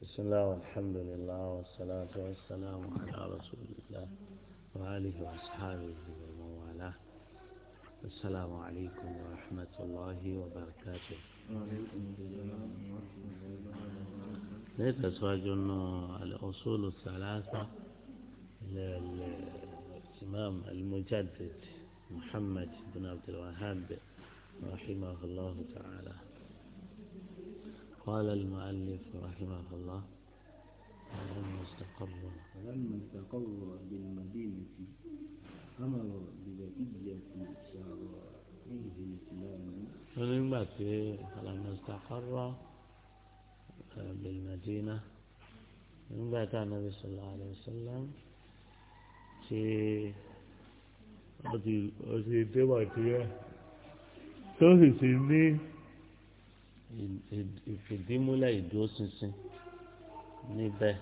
بسم الله والحمد لله والصلاة والسلام على رسول الله وآله وأصحابه ومن والاه السلام عليكم ورحمة الله وبركاته ليس جنة الأصول الثلاثة للإمام المجدد محمد بن عبد الوهاب رحمه الله تعالى قال المؤلف رحمه الله فلما استقر فلما استقر بالمدينة أمر ببقية شرائعه الإسلام فلما فلما استقر آه، بالمدينة من بعد النبي صلى الله عليه وسلم في أدي أدي دمتية تهتمي ìfìdímúlẹ̀ ìdúróṣinṣin níbẹ̀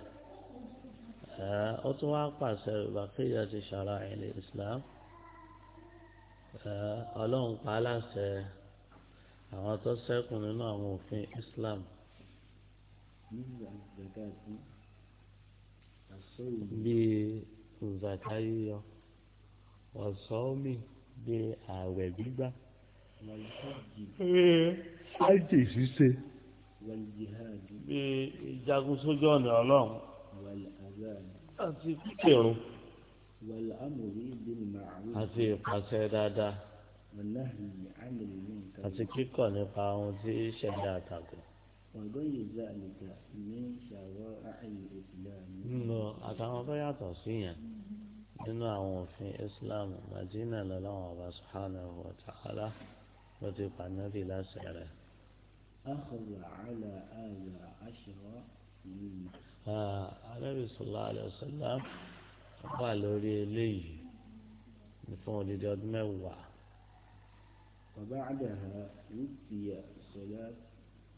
ó tún wá pàṣẹ ìbákẹ́yà ti ṣàrà ilẹ̀ Islam ọlọ́run pa á láṣẹ àwọn tó ṣẹ́kù nínú àwọn òfin Islam bíi zaka yíyọ ọ̀sọ́ọ́mì bíi ààwẹ̀ gbígbà ájì ṣíṣe bí ìjagun sójú ọ̀nà ọlọ́run àti kíkẹrùn àti ìpàṣẹ dáadáa àti kíkọ̀ nípa ohun tí ṣẹ̀dá àtàkùn. nínú àtàwọn tó yàtọ̀ sí yẹn nínú àwọn òfin Islam Madina lọ́lọ́wọ́n ọba subhanahu wa ta'ala ló ti pa nábì láṣẹ rẹ̀. أخذ على هذا عشرة من النبي صلى الله عليه وسلم قال لي لي نفوني دود موع وبعدها يبكي صلاة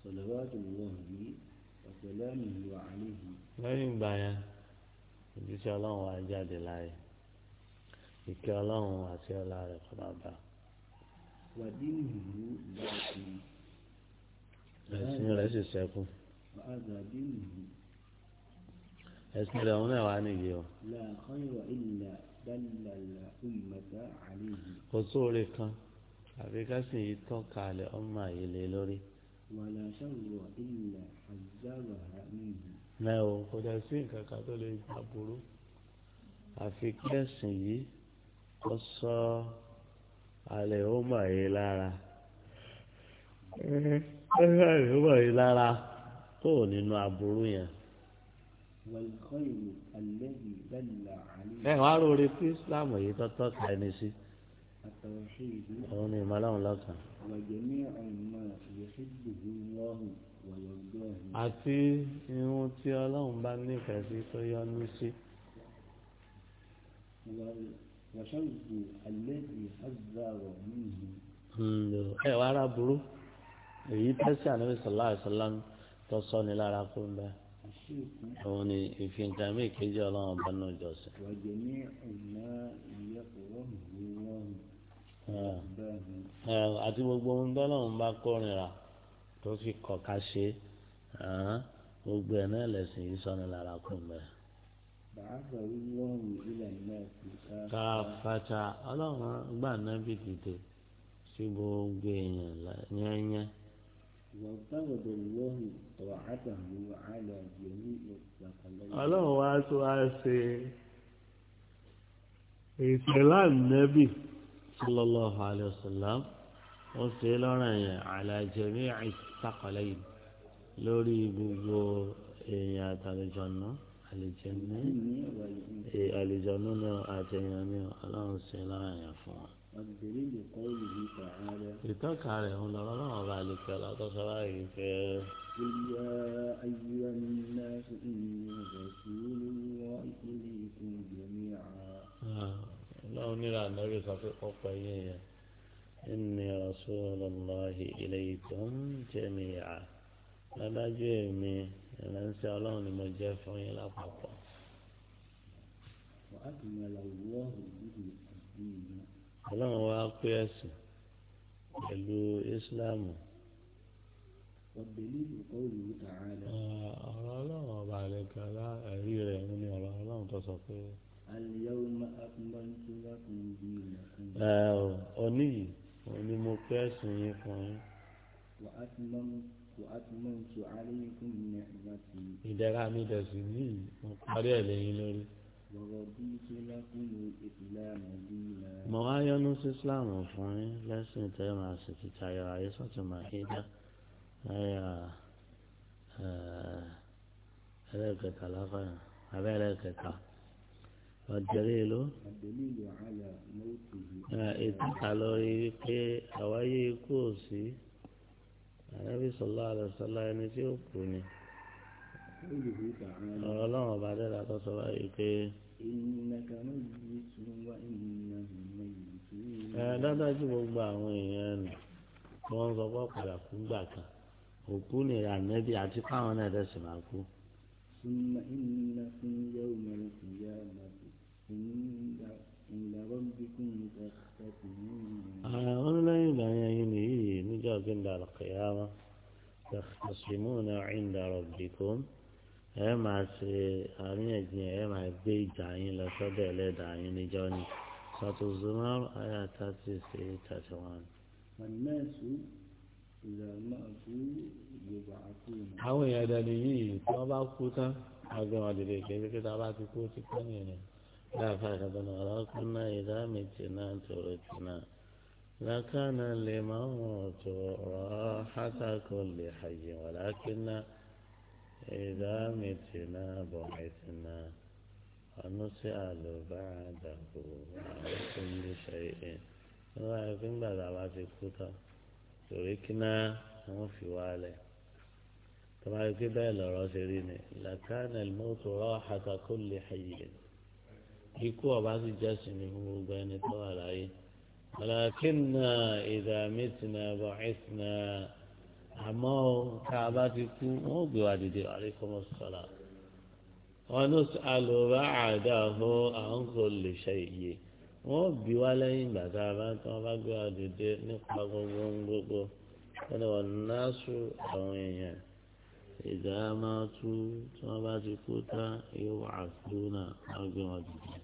صلوات الله وسلامه عليه ما ينبغي ìdíṣẹ́ الله wa jáde láàyè ìkẹ́ ọlọ́run àti ọlá rẹ̀ kọ́ máa ẹ̀sìn rẹ̀ sì sẹ́kù ẹ̀sìn rẹ̀ òun náà wà nìyí o. kò sóore kan àfi ká sì yí tọ́ka lẹ̀ ọmọ yìí lórí. náà o kò dẹ̀ sí nǹkan kan tó lè gbà burú àfi kẹ́sìn yìí kó sọ alẹ́ ọmọ yìí lára ẹgbẹ́ ìrúbọ̀ yìí lára tó ò nínú aburú yẹn. ẹ wàá rọrí pé islam yìí tọ́tọ́ ka ẹni sí òun ni ìmọ̀láhùn lọ́kàn. àti irun tí ọlọ́run bá nífẹ̀ẹ́ sí tó yọ́nú sí. Hmm, ẹ wàá rà burú èyí tẹ́sí ànábì sọ̀lá àṣọlá tó sọ ní lára kó ń bẹ òun ni ìfihàn mi kejì ọlọ́run bá nù jọ́sìn. àti gbogbo ohun tọ́lọ́run bá kórìíra tó fi kọ̀ ká ṣe gbogbo ẹ̀ náà lẹ̀sìn yìí sọ ní lára kó ń bẹ. káfàtà ọlọ́run gbà náà bí sí gbogbo èèyàn yẹn yẹn. الله طاعته على جميع ọlọ́run wa tó wá ṣe ìtẹ̀lá nẹ́bì sallallahu alayhi wa sallam ó ṣe lọ́rùn yẹn ala jami'i thaqalayn lórí gbogbo èèyàn àtàlejòna àlejòna àlejòna náà ọlọ́run ṣe lọ́rùn yẹn fún wọn ìtọ́ka rẹ̀ ń lọ lọ́wọ́ ọba àlejò ọlọ́tọ́sọ láàyè fẹ́. ìyá ayé ẹnìyà sí ìrìnàjò sí olówó ìpínlẹ̀ ìkún ìgbẹ̀mí àá. ọlọ́run nílà nẹ́rì sọ pé ọ̀pọ̀ ẹ̀yẹ yẹn ẹnì rasulullahi ilaykum jami'a ládájú èmi ìránṣẹ́ ọlọ́run ni mo jẹ́ fún yín lápapọ̀. wàá kì í máa lọ wọ́ọ̀rù ìdílé ọlọ́run wa pé ẹ̀sìn pẹ̀lú ìsìláàmù. ọ̀rọ̀ ọlọ́run ọba rẹ̀ kàrá ẹ̀rí rẹ̀ ń ní ọ̀rọ̀ ọlọ́run tó sọ pé. ẹ ọ òní yìí òní mo pé ẹ̀sìn yín fún yín. ìdẹ̀ra mi dẹ̀ sí ní mo parí lórí mo wá yọ́nú sí islam fún yín lẹ́sìn tẹ́ máa sì ti tayọ ayé sọ́tún máa ké dá láyà eh, ẹlẹ́ẹ̀kẹta láfàyàn abẹ́ ẹlẹ́ẹ̀kẹta ọ̀dẹ́rẹ́ló ètùkà lórí wípé àwáyé ikú ò sí àyàbí sọlá àlọ́sọlá ẹni tí ó kù ni ọ̀rọ̀ ọlọ́run ọba dẹ́ra tó sọ báyìí pé. ẹ dájú gbogbo àwọn èèyàn nù wọ́n ń sọ pé ọ̀pọ̀lọpọ̀ kú gbà kan òkú ni ìrànlẹ́bí àti fáwọn náà dẹ̀ sì máa kú. àwọn lẹ́yìn ìgbà yẹn yìí nìyí níjọ́ gbẹ̀ndà àlùkìyàmá tẹ̀símù náà ń darọ̀ bìkún ẹ máa ṣe àríyànjiyàn ẹ máa gbé ìjà yín lọ sọ́dọ̀ ẹlẹ́dàá yín níjọ́ ni sọ́tò zumar aya thirty sí thirty one. àwọn èèyàn dẹni yìí tí wọ́n bá kú tán àgbẹ̀ wọn dìde kéde kí tá a bá ti kú ti pẹ́ nìyẹn láàfáà kàtà náà ọlọ́kùn náà ìdá mi tì náà tòrò tì náà lákàánà lè máa wọ̀n tó rọ̀ ọ́ hátà kò lè hàyè wọ̀ lákìnnà. إذا متنا بعثنا ونسأل بعده عن كل شيء wọ́n á fi ń gbàdá wa ti kú tán torí kíná wọ́n fi wá lẹ̀ tó bá rí pé bẹ́ẹ̀ lọ́rọ̀ ṣe rí ni làkàna mọ́tò rọ́ àtàkó lè hayè ikú ọba sì jẹ́ sinmi fún gbogbo ẹni tó wà láyé. ولكن إذا متنا بعثنا àmọ́ tá a bá ti kú wọ́n gbé wa dìde àríkọ́mọ sọ́la wọn ní alùpàá àdáhùn àwọn kò lè ṣe iye wọ́n bí wa lẹ́yìn ìgbà tá a bá tí wọ́n bá gbé wa dìde nípa gbogbo gbogbo wọ́n wọ́n náà sùn àwọn èèyàn ìdá máa tú tí wọ́n bá ti kú tán yóò wà á kú náà wọ́n gbé wọn dìde.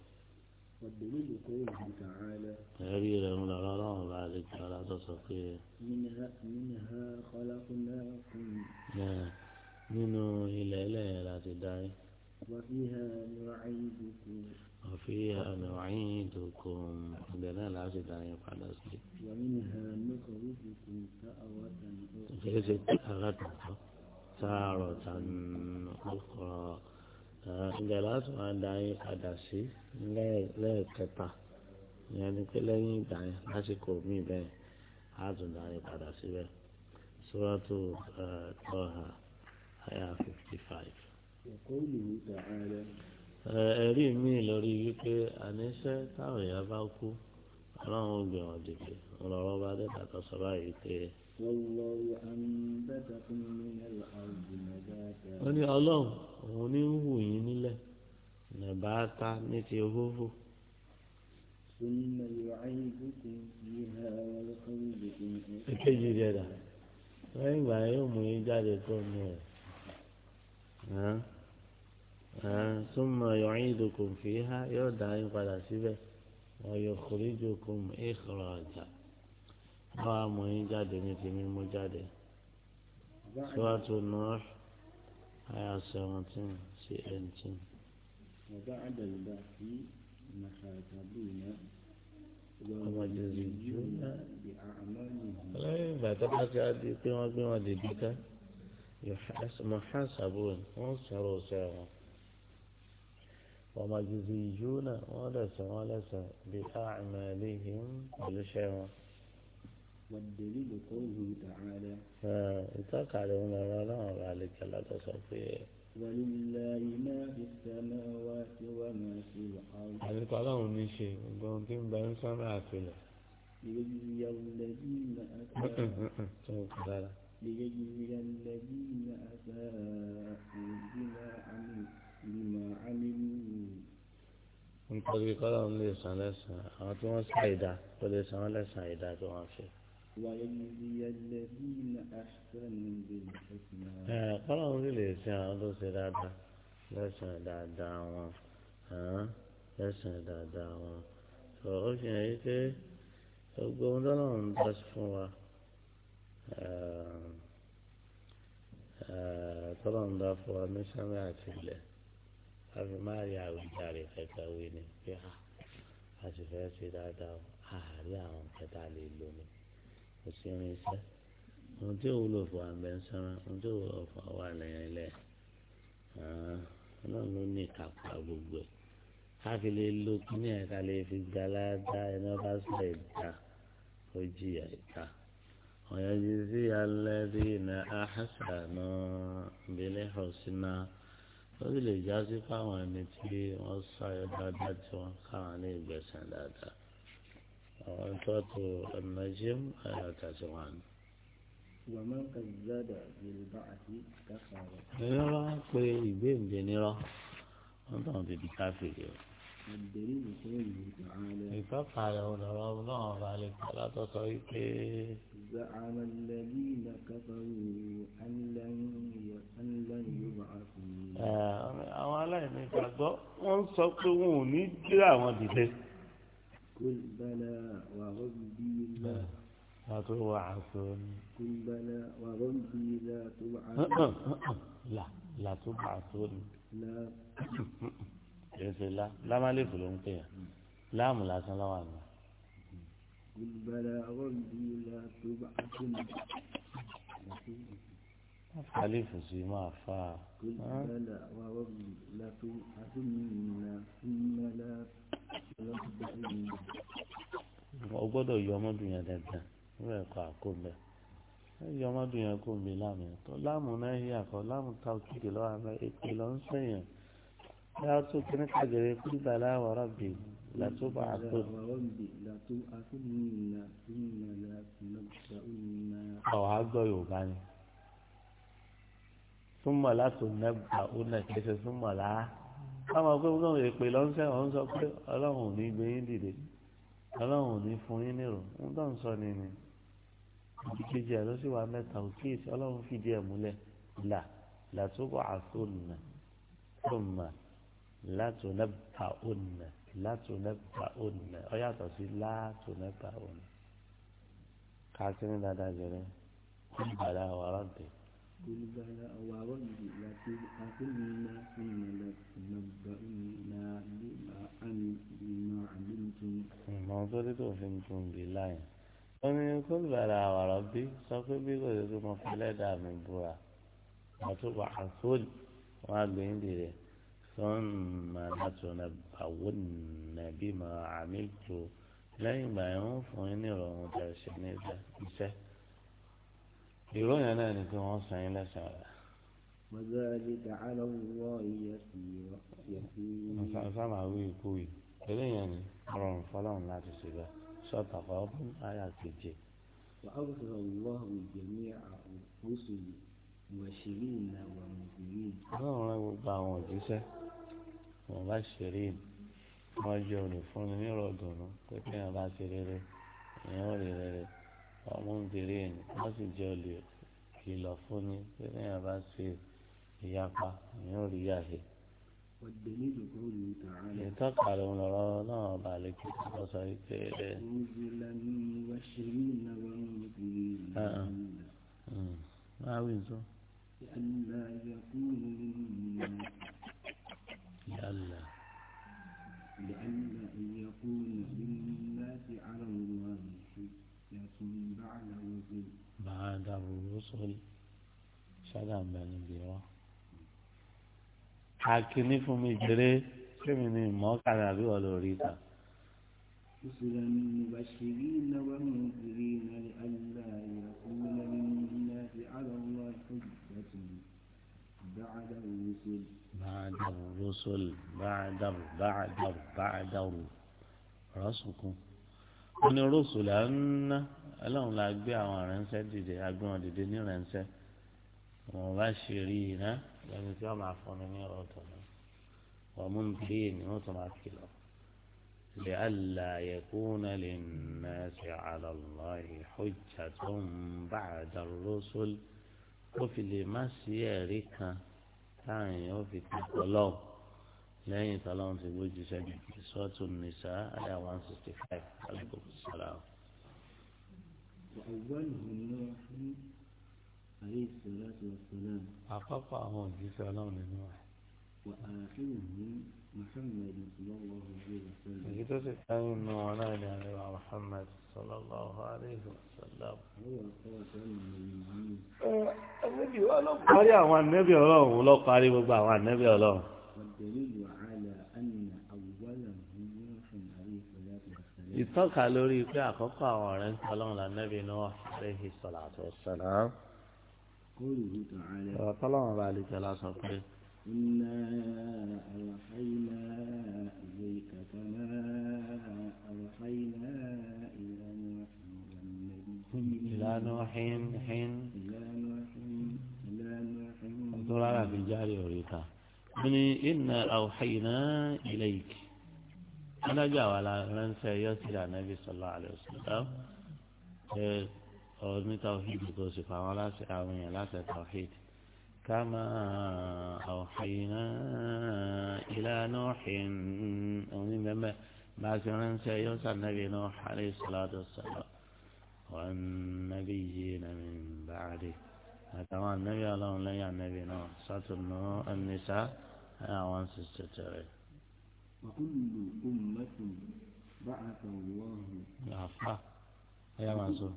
والدليل قوله تعالى هذه لهم الغرام بعد على تصفيه منها منها خلقناكم منو إلى إليه لا تدعي وفيها نعيدكم وفيها نعيدكم عندنا لا تدعي بعد أصلي ومنها نخرجكم تأوة أخرى تأوة أخرى ibẹ̀ láti máa da yín padà sí lẹ́ẹ̀kẹta ìyẹn ni pé lẹ́yìn ìgbà yẹn lásìkò míì bẹ́ẹ̀ á tún da yín padà síbẹ̀ sọ́wọ́tò ọ̀hà eh, àyà fifty five. Eh, ẹ̀rí mi lórí wípé àníṣe táwọn èèyàn bá kú ọlọ́run gbìyànjú pé ọlọ́run bá dé tàtọ́ sọ báyìí والله أنبتكم من الأرض نباتا wọ́n ní ọlọ́run òun ní ń hù yín nílẹ̀ nàbàtà ní ti hóhó. ثم يعيدكم فيها ويخرجكم èkejì rẹ̀ dà lẹ́yìn ìgbà yóò mú yín jáde tó mú ẹ̀ ثم يعيدكم فيها yóò dá yín padà síbẹ̀ ويخرجكم إخراجا báwa mú yín jáde ní tèmi mú jáde síwájú nùr àyà seventeen sí eighteen. وبعد البحث نخاتبون ومجزيون بأعمالهم lẹ́yìn ìgbà tó bá ti di pé wọ́n gbé wọn dèbí ká mọ̀hánsàbùn wọ́n sọ̀rọ̀ ọ̀sẹ̀ wọn ومجزيون wọ́n lẹ̀sẹ̀ wọ́n lẹ̀sẹ̀ بأعمالهم pẹ̀lú iṣẹ́ والدليل قوله تعالى اتقى لهم الله وعليك لا تصفيه ولله ما في السماوات وما في الأرض عليك الله نشي قوم تيم بين سماء كله ليجزي الذين أساءوا ليجزي الذين أساءوا بما عملوا بما عملوا من طريق الله ليس لسان أعطوا سعيدة وليس لسان عيدة وعافية ويجزي الذين أحسنوا بالحسنى آه، قرأوا بالإحسان هذا سرادة لسنا دعوة ها لسنا دعوة فأوشي هيك فقوم دلون تصفوا آه، طلعنا آه، دافوا من سماعة الله أبي ما يعود جاري كتاويني فيها أسفاتي دعوة أهلا وانقطع لي اللوني kò sí irinṣẹ́ ohun tí òwúlò fún abẹ ń sanra ohun tí òwúlò fún àwọn àlẹyìn ilẹ̀ ọlọ́run ló ní ìkápá gbogbo ẹ̀ ká fi lè lo kíní ẹ̀ ká lè fi gba aláàdá ẹni ọba sọ ìdá ó jìyà ìta ọ̀yẹ́jì sí alẹ́ bí iná àhásánà ìbílẹ̀ ọ̀sìnà ó sì lè já fáwọn ẹni tí wọ́n sọ ayọ̀ dáadáa tí káwọn ní ìgbẹ̀sán dáadáa. أنتوات النجم تاسوان ومن قد زاد بالبعث كفر نرى كوي بين جنرى أنت أنت بكافر الدليل قوله تعالى يتقى له نرى الله عليك لا تصيب زعم الذين كفروا أن لن أن لن يبعثوا أولا يمكن أن wọ́n sọ pé wọn ò ní dé àwọn dìde. قل بلى وربي لا تبعثون قل بلى وربي لا تبعثون لا لا تبعثون لا لا لا ما لي ń pè لا láàmù lásán قل بلى وربي لا تبعثون alif sí máa fa. o gbọ́dọ̀ yọ ọmọdún yẹn dandan nígbà ẹ̀kọ́ àkóńbẹ yọ ọmọdún yẹn kóńbẹ láàmú yẹn tó láàmú náà yí àkọ́ láàmú ta òkìkì lọ́wọ́ àmọ́ èpè lọ ń sẹ́yìn yá tó kíní kàgẹ̀rẹ̀ kúrìbà láwọ̀ rọ̀bì làtó bá àtó. ọ̀hà gbọ́ yorùbá ni súnmọ̀ látò nẹ́gbà ó nà kí ẹsẹ̀ súnmọ̀ láá káwọn pé wọn lè pè lọ́nṣẹ́ wọn sọ pé ọlọ́run ò ní gbé yín dìde ọlọ́run ò ní fún yín nírò ń tọ́ ń sọ ni ni ibi kejì ẹ̀ ló sì wà mẹ́ta ò kíyèsí ọlọ́run fìdí ẹ̀ múlẹ̀ là làtúbọ̀ àtúnà súnmọ̀ látò nẹ́gbà ó nà látò nẹ́gbà ó nà ọ yàtọ̀ sí látò nẹ́gbà ó nà káàkiri dáadáa jẹrẹ kúlù bàdá wàrà dé. قل بلى وربي لتبعثن ثم لتنبؤن بما علمتم mọ̀tò tí tó fi ń tún bí láyìn ó ní kó bẹ̀rẹ̀ àwàrọ̀ bí sọ pé bí kò tó mọ fẹlẹ́ dà mí búra mọ̀tò wà á sóòlì wọn á gbé ń dìrẹ̀ sọ́nà látọ̀nà bàwọ́ ìró yẹn náà ni pé wọ́n san yín lẹ́sàn-án rẹ̀. وذلك على الله يسير يسير. sábà wí ikú yìí eléyàn ni ọrọ̀rùn fọlọ́run láti ṣe bẹ́ẹ̀ sọ́tà ọ̀bùn àyà keje. وأرسل الله جميع الرسل مبشرين ومنذرين. ọlọ́run rẹ̀ gbogbo àwọn òjíṣẹ́ wọn bá ṣeré wọn jẹ́ olùfúnni nírọ̀dùnú pé kí wọn bá ṣe rere ìyẹn ò rí rere ọmọ obìnrin ẹni wọ́n sì jẹ́ olè kìlọ̀ fún ni pé lẹ́yìn bá ṣe ìyapa ìyẹn ò rí yàtọ̀. ìtọ́ka ló ń lọ́rọ́ náà bá lè kí ọ sọ pé. Hmm, máa wí nǹkan. akíní fún mi jèrè sẹ́mi ni mọ́ kàrí àbí wọ́n lò rí ta. بعد الرسل بعد بعد بعد رسلكم wọn ni rọsùlà ń ná Ọlọ́run la gbé àwọn ìránṣẹ́ dìde agbé dìde ní ìránṣẹ́ مبشرين لأن فيهم عفونية روتنا ومنذرين يوتم كيلو لئلا يكون للناس على الله حجة بعد الرسل وفي لما سيرك كان يوفي تقلو لأن تلون تبوجي سجد سورة النساء آية 165 عليكم السلام وأولهم نوح àyè ìṣẹ̀lá ti wà sọ̀lá. àkọ́kọ́ àwọn òjíṣẹ́ ọlọ́run nínú ẹ̀. wà á kíyàn ní muhammed sallallahu alayhi wa sallam. èyí tó sì káyìn nù wọn náà ní àlewà muhammed sallallahu alayhi wa sallam. ẹnẹ́bí ọlọ́run parí àwọn ànẹ́bí ọlọ́run ló parí gbogbo àwọn ànẹ́bí ọlọ́run. ìtọ́ka lórí pé àkọ́kọ́ àwọn ọ̀rẹ́ ń tọ́lọ́run lànẹ́bí náà lẹ́yìn sọ̀lá àtọ̀sọ̀lá. قوله تعالى طلعا ذلك لا صفحة إنا أوحينا إليك كما أوحينا إلى نوح إلى نوح حين إلى نوح إلى نوح ترى بالجاري أريكا من إنا أوحينا إليك أنا جاء على من سيأتي النبي صلى الله عليه وسلم أولم توحيد توصف ولا سعوية لا توحيد كما أوحينا إلى نوح أولم ما سنن سيوسى النبي نوح عليه الصلاة والسلام والنبيين من بعده أتوا النبي الله لي النبي نوح ساتنو النساء أعوان سستترين وكل أمة بعث الله العفو يا منصور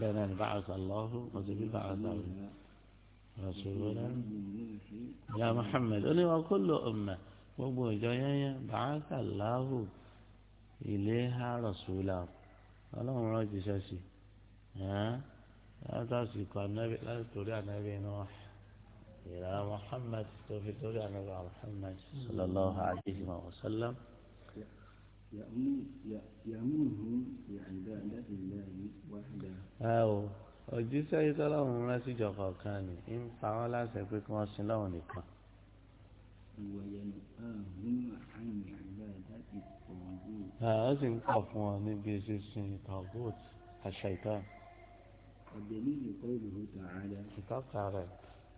بين أن بعث الله وذي بعث رسولا يا محمد قل وكل أمة وابو جايا بعث الله إليها رسولا اللهم راجي ساسي ها هذا سيكون النبي لا تري النبي نوح إلى محمد توفي تري النبي محمد صلى الله عليه وسلم ẹ̀wọ̀ òjíṣẹ́ yìí tọ́lọ́run rán síjọ kọ̀ọ̀kan ni ń pa wọ́n láṣẹ pé kí wọ́n sin lọ́wọ́ nìkan. ó sì ń kọ̀ fún wọn níbi sísin tagut àṣàìtàn. ìtọ́ka rẹ̀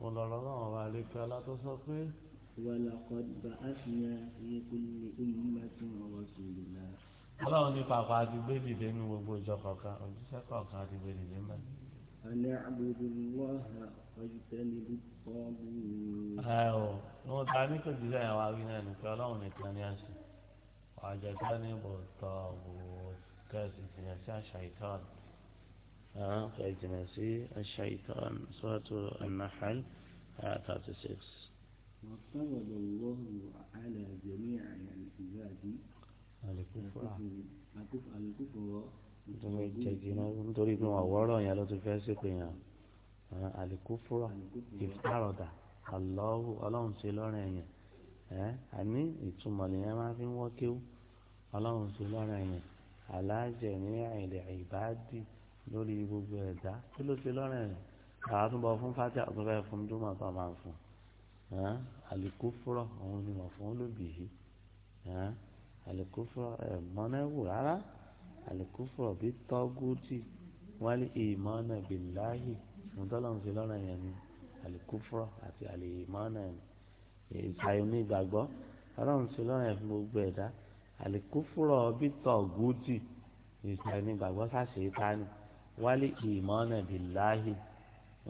òun lọ́rọ́ náà wà lẹ́kọ́ látọ́sọ pé. ولقد بعثنا في كل أمة رسولا ọlọ́run ní pàpà àti gbèdì dé ní gbogbo ìjọ kọ̀ọ̀kan òjíṣẹ́ kọ̀ọ̀kan àti gbèdì dé mọ́. àlẹ́ àbùdù wọ́ọ̀hà ọ̀jùtẹ́lẹ̀ bí pọ́ọ̀bù. ẹ o wọn ta ní kò jíjẹ yẹn wá wí náà ní pé ọlọ́run nìkan ní àṣẹ ọ̀jọ̀tẹ́ ní bò tọ́ bò kẹ́sì jìnnà sí àṣà ìtọ́n kẹ́sì jìnnà sí àṣà ìtọ́n sọ́ọ̀tù an-Nahl thirty six. وافترض الله على جميع العباد الكفر nítorí ìjẹ̀jìnà nítorí pé wọn wọ́rọ̀ yẹn ló ti fẹ́ sí pé yàn àlìkúfúrà ìfárọ̀dà àlọ́hù ọlọ́run ṣe lọ́rùn ẹ̀yàn ẹ́ àní ìtumọ̀ nìyẹn máa fi ń wọ́ kéwú ọlọ́run ṣe lọ́rùn ẹ̀yàn aláàjẹ̀ ní ilẹ̀ ìbáàdì lórí gbogbo ẹ̀dá kí ló ṣe lọ́rùn ẹ̀yàn àwọn àtúbọ̀ fún fátì àtúbẹ̀ fún dúmọ̀ tó máa fún un àlìkófúrọ̀ òun ni wọ́n fún olóbìyí àlìkófúrọ̀ ẹ̀ mọ́nẹ́wù rárá àlìkófúrọ̀ bí tọ́gùtì wálé ìmọ̀ọ́nà bìláhì mùtọ́lọ́mù sí lọ́rọ̀ yẹn ni àlìkófúrọ̀ àti àlìmọ̀ọ́nà ìsàyò ní ìgbàgbọ́ ọlọ́run sí lọ́rọ̀ yẹn fún gbogbo ẹ̀dá àlìkófúrọ̀ bí tọ́gùtì ìsàyò ní ìgbàgbọ́ sáṣẹ́ ìtàn wálé ìmọ̀ọ́nà bìláhì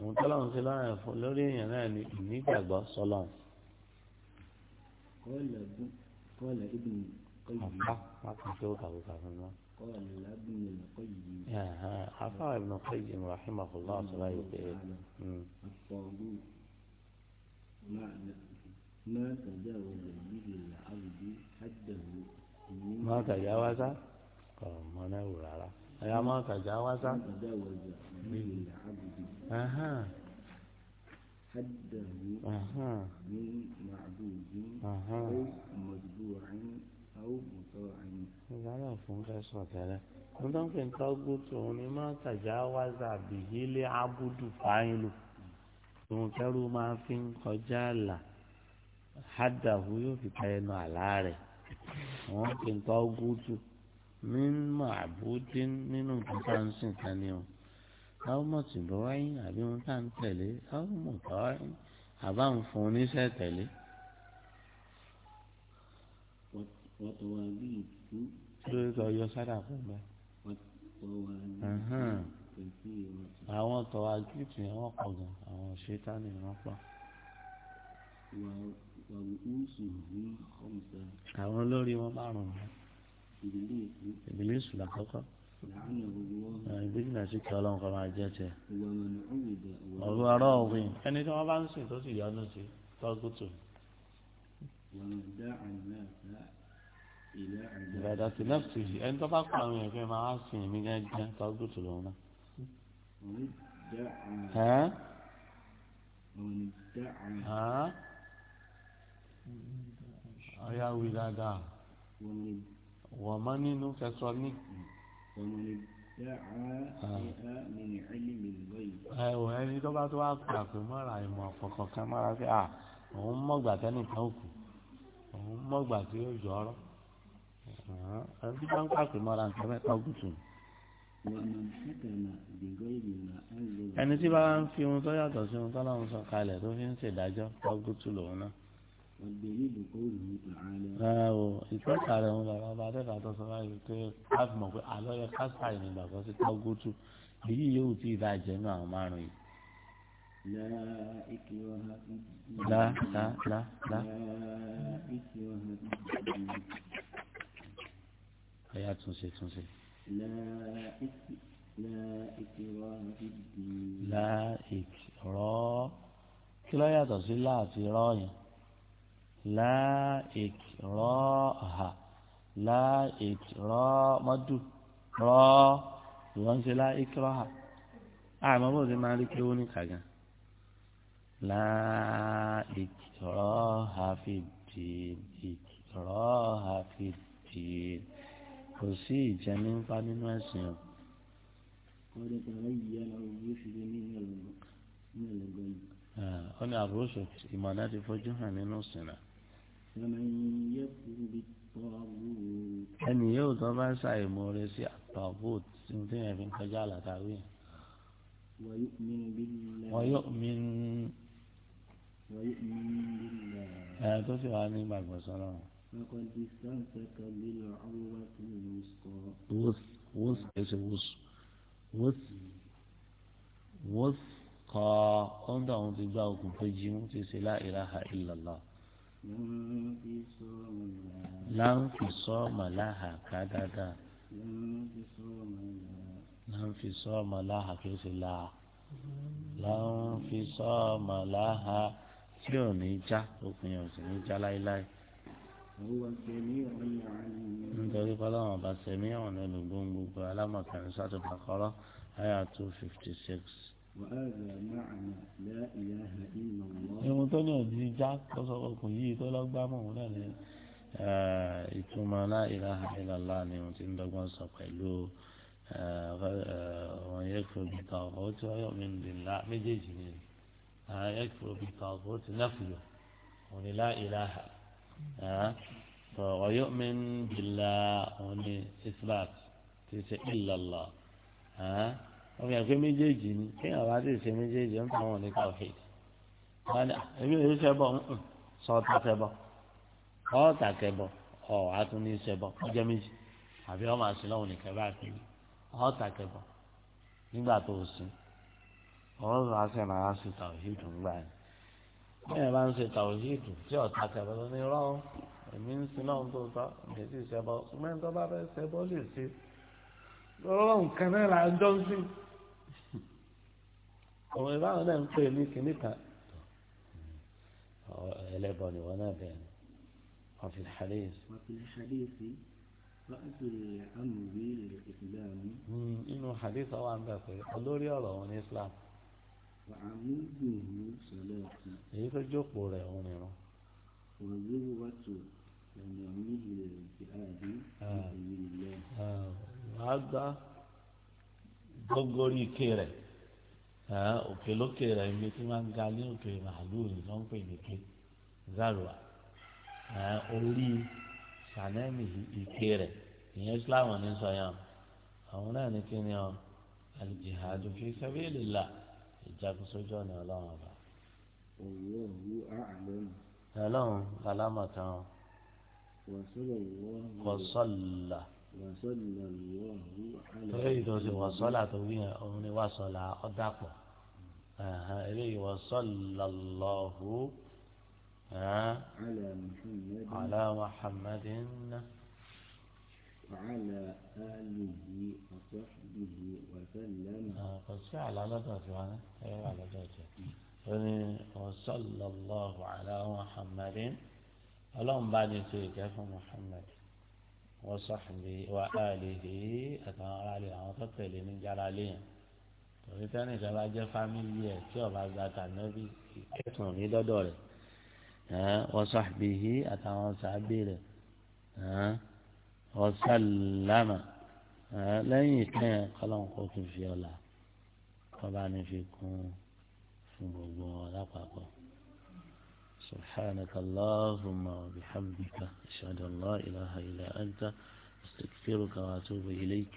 òun tọ́lọ́run sí lọ́rùn fún lórí èèyàn náà ní ìnígbàgbọ́ sọlọ́run. kọ́ọ̀lá ibùn kọ́yìí. àpá tó kàwé kàwé náà. kọ́ọ̀lá ibùn kọ́yìí. àpá ibùn kọ́yìí rahimahullah ṣọlá yìí pé. àpọ̀lù hmm. máa tàjà wọlé yìí là áwùjọ máa tàjà wá sá kọ̀ mọ́ náà wù rárá. máa tàjà wá sá. máa tàjà wọlé yìí là حده من معبود أو متبوع أو مطاع لا لا فهم لا صلاة nígbà pé ntọ́gùtù òun ni máa tàjà wáza bìhílẹ̀ abudu fáìlù òun kẹrù máa fi ń kọjá àlà hádàhù yóò fi ta ẹnu àlá rẹ̀ wọ́n pè ntọ́gùtù mímọ́ àbúdín nínú nǹkan tá à ń sìn kan ni o káwọ́mọ̀ tì bọ́ wáyé àbí wọn tá à ń tẹ̀lé káwọ́mọ̀ tọ́ wáyé àbá ń fún oníṣẹ́ tẹ̀lé. wọ́tọ̀wá bí ìtú. lórí kan yọ sádà fún mi. wọ́tọ̀wá bí ìtú. àwọn tọ̀wá gíìtì yẹn wọ́n pọ̀ gan àwọn ṣẹ́tánì wọ́n pọ̀. àwọn olórí wọn márùn-ún. ìdílé ìsúlà kọ́kọ́ ìgbé jìnnà sí kí ọlọ́run kan máa jẹ́ tiẹ̀. ọ̀rọ̀ ará òfin ẹni tí wọ́n bá ń sìn tó sì yọnu sí tọ́gùtù. ìbàdà ti lẹ́fùtì yìí ẹni tó bá pa àwọn ẹ̀fẹ́ máa wá sìn mí gẹ́gẹ́ tọ́gùtù lòun náà. ẹ́ wí dáadáa wọ̀mọ́ nínú kẹsàn ní ẹ̀wọ̀n ẹni tó bá tó wá pà pé mọ́ra ìmọ̀ ọ̀kọ̀ọ̀kan kan mọ́ra sí à òun mọ̀gbà tẹ́nìkan òkú òun mọ̀gbà tí ó yọ ọ́rọ́ ẹni tó bá ń pà pé mọ́ra nǹkan mẹ́ta gùtù. ẹni tí bá ń fi ohun tó yàtọ̀ sí ohun tó lọ́run sọ kalẹ̀ tó fi ń ṣèdájọ́ ọgùtù lòun náà rárá o ìtọ́ka rẹ̀ ń lọ́wọ́ bá dẹ́ka tó sọ báyìí pé a fi mọ̀ pé àlọ́ yẹ káṣá ìnìgbàgbọ́ sí tọ́gútù èyí yóò tí ì bá jẹ́ nínú àwọn márùn-ún yìí. lá lá lá lá. ẹ̀yà túnṣe túnṣe. láìkì rọ́ kí ló yàtọ̀ sí láàfin rọ́ لا إكراه لا إكراه مدو را وانس لا إكراه أعمى بودي مالك يوني كاقا لا إكراه في الدين إكراه في الدين وسي جميع قانون واسم قد تغير الرشد من الغيب آه. أنا الرشد إيمانات فجوها من السنة ẹnì yóò tó bá ṣàìmọ̀ọ́rẹ́ sí àtọ̀bọ̀t tí n tẹ́yẹ̀ fi ń kọjá àlàkàwé. wọ́yọ̀mìn ẹ̀ tó sì wá ní gbàgbọ́ sọ́nà. wọ́s ẹsẹ̀ wọ́s wọ́s wọ́s kọ́ ọ́n dà ti gbá okùn tó wọ́n ti ṣe la ilaha láǹfìsọ́ọ̀mà láhà ká dáadáa láǹfìsọ́ọ̀mà láhà kìí ṣe láà láǹfìsọ́ọ̀mà láhà tí ò ní já òpin ò sì ní já láéláé. nítorí pálọ́wọ̀n ọba sẹ̀mí ọ̀nà ìlú gbogbo alámọ̀kàrin sátọ̀ bàkọ́rọ́ àyà two fifty six ìwọ̀n tó ní òdì já kọ́sọ́kọ́kùn yìí tó lọ́gbà mọ̀ wọn náà ni ìtumọ̀ la ilaha illallah ni wọ́n ti ń dọ́gbọ́n sọ pẹ̀lú wọn yakfur bi taghut wa yu'min billah méjèèjì ni yakfur bi taghut nafyu wọn ni la ilaha wa yu'min billah wọn ni isbat ti ṣe illallah ọmọ yàgbé méjèèjì ni kéèyàn wá dé ṣe méjèèjì ń pa wọn ní kọfíì wọn ni ebi èyí ṣẹbọ sọta ṣẹbọ ọta kẹbọ ọ atún ní ṣẹbọ ọjọ́ méjì àbí ọmọ àṣìlọ́wọ́ nìkan bá kéwì ọta kẹbọ nígbà tó o sìn ọ̀rọ̀ sọ àṣẹ náà á ṣe tàwíìdù ńgbà yẹn bẹ́ẹ̀ bá ń ṣe tàwíìdù tí ọta kẹbọ ló ní rọ èmi ń sin náà tó tọ́ èmi sì ṣẹbọ ṣùgbọ́n bá fẹ́ ṣẹbọ lè ṣe lọ́wọ́ nǹkan náà là ń jọ́ sí i òun ìbáwọn náà ń pè ní kinní kan ẹlẹ́bọ ni wọn náà bẹ̀rẹ̀ wọn fi hadith. wọn fi hadith ra'asu amri al-islam. Hmm, inú hadith ọwọ́ àǹbẹ̀ pé olórí ọ̀rọ̀ wọn ní islam. وعموده صلاة هيك جوكو راه هون راه وذروة نعمه الجهاد في سبيل الله هذا gbogbo orí ike rẹ̀ òkè lókè rẹ̀ ibi tí wọ́n ń ga ní òkè màálù ni wọ́n ń pè ní ike zaruwa orí sànẹ́mì ike rẹ̀ ìyẹn Islam ní sọ àwọn náà ní kíni ọ al-jihadu fi sabilillah ìjagun sójú ọ̀nà ọlọ́run ọba. ọlọ́run alámọ̀tán kò sọ̀lá eléyìí tó ṣe wàsọ́là tó wí yẹn òun ni wàsọ́là ọ̀dàpọ̀ eléyìí wàsọ́làlọ́hu ala muhammadin wàhálà alihi ọ̀sọ́bihi wàsálàmà. kò sí àlálọ́dọ̀ tí wọ́n ẹ àlọ́dọ̀ jẹ́ òní wàsọ́làlọ́hu ala muhammadin ọlọ́run bá ní ṣe ìkẹ́ fún muhammadin. وصحبه وآله àtàwọn alẹ́ àwọn tó tẹ̀lé ní jára léyìn tòun tẹ́nì kan bá jẹ́ fámìlì ẹ̀ tí ọba gba tànàbí ìkẹ́tùn mi lọ́dọ̀ rẹ̀ وصحبه àtàwọn sàábì rẹ̀ وسلم lẹ́yìn ìkẹyìn kọ́lọ́nkọ́ tó fi ọ̀la kọ́ba ní fi kún fún gbogbo ọ̀la papọ̀. سبحانك اللهم وبحمدك أشهد أن لا إله إلا أنت استغفرك وأتوب إليك